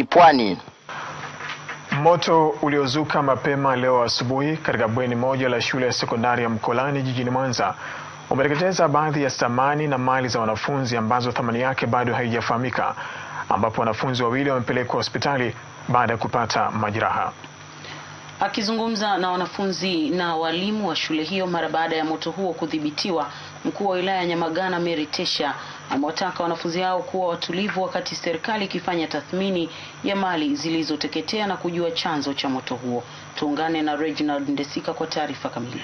Ipwani. Moto uliozuka mapema leo asubuhi katika bweni moja la shule ya sekondari ya Mkolani jijini Mwanza umeteketeza baadhi ya samani na mali za wanafunzi ambazo thamani yake bado haijafahamika, ambapo wanafunzi wawili wamepelekwa hospitali baada ya kupata majeraha. Akizungumza na wanafunzi na walimu wa shule hiyo mara baada ya moto huo kudhibitiwa, mkuu wa wilaya ya Nyamagana Mary Tesha amewataka wanafunzi hao kuwa watulivu wakati serikali ikifanya tathmini ya mali zilizoteketea na kujua chanzo cha moto huo. Tuungane na Reginald Ndesika kwa taarifa kamili.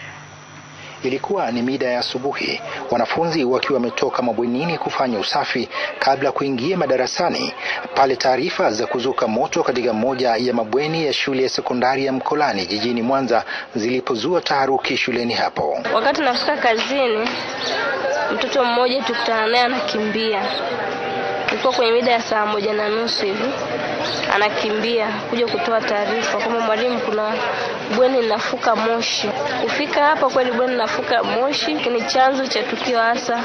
Ilikuwa ni mida ya asubuhi, wanafunzi wakiwa wametoka mabwenini kufanya usafi kabla kuingia madarasani, pale taarifa za kuzuka moto katika moja ya mabweni ya shule ya sekondari ya Mkolani jijini Mwanza zilipozua taharuki shuleni hapo. Wakati nafika kazini, mtoto mmoja tukutana naye anakimbia ilikuwa kwenye mida ya saa moja na nusu hivi, anakimbia kuja kutoa taarifa kwamba mwalimu, kuna bweni linafuka moshi. Kufika hapa kweli bweni linafuka moshi, lakini chanzo cha tukio hasa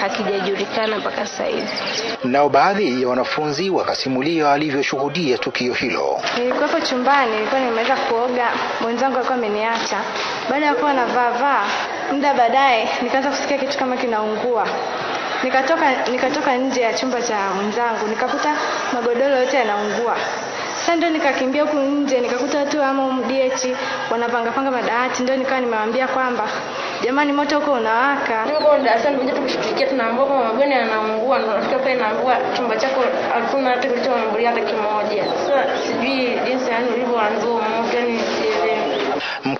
hakijajulikana mpaka sasa hivi. Nao baadhi ya wanafunzi wakasimulia walivyoshuhudia tukio hilo. Nilikuwepo chumbani, nilikuwa nimeweza kuoga, mwenzangu alikuwa ameniacha. Baada ya kuwa navaavaa, muda baadaye nikaanza kusikia kitu kama kinaungua Nikatoka, nikatoka nje ya chumba cha mwenzangu nikakuta magodoro yote yanaungua. Sasa ndio nikakimbia huku nje nikakuta watu ama MDH wanapangapanga madawati, ndio nikawa nimewaambia kwamba jamani, moto huko unawaka. Niko darasani kuja tukishtukia tunaambiwa kwamba mabweni yanaungua, na rafiki pale naambiwa chumba chako hakuna hata kilichoambulia hata kimoja. Sasa sijui jinsi yani ulivyoanza moto ni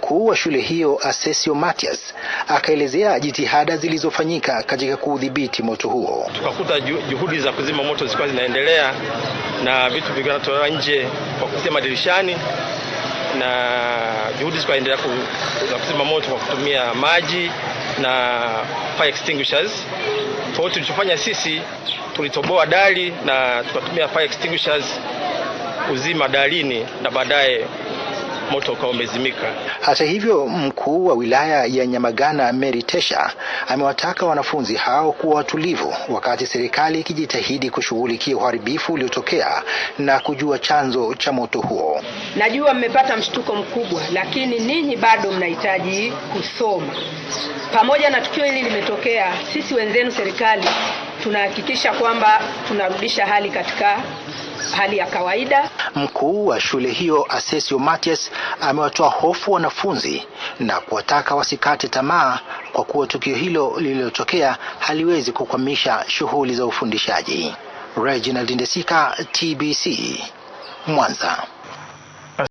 mkuu wa shule hiyo Asesio Matias akaelezea jitihada zilizofanyika katika kuudhibiti moto huo. Tukakuta juhudi za kuzima moto zilikuwa zinaendelea na vitu vinatolewa nje kwa kupitia madirishani na juhudi zikaendelea za kuzima moto kwa kutumia maji na fire extinguishers. Kwa tulichofanya sisi, tulitoboa dari na tukatumia fire extinguishers kuzima darini na baadaye moto ukawa umezimika. Hata hivyo, mkuu wa wilaya ya Nyamagana Mary Tesha amewataka wanafunzi hao kuwa watulivu wakati serikali ikijitahidi kushughulikia uharibifu uliotokea na kujua chanzo cha moto huo. Najua mmepata mshtuko mkubwa, lakini ninyi bado mnahitaji kusoma. Pamoja na tukio hili limetokea, sisi wenzenu serikali tunahakikisha kwamba tunarudisha hali katika hali ya kawaida. Mkuu wa shule hiyo Asesio Matias amewatoa hofu wanafunzi na kuwataka wasikate tamaa kwa kuwa tukio hilo lililotokea haliwezi kukwamisha shughuli za ufundishaji. Reginald Ndesika, TBC, Mwanza.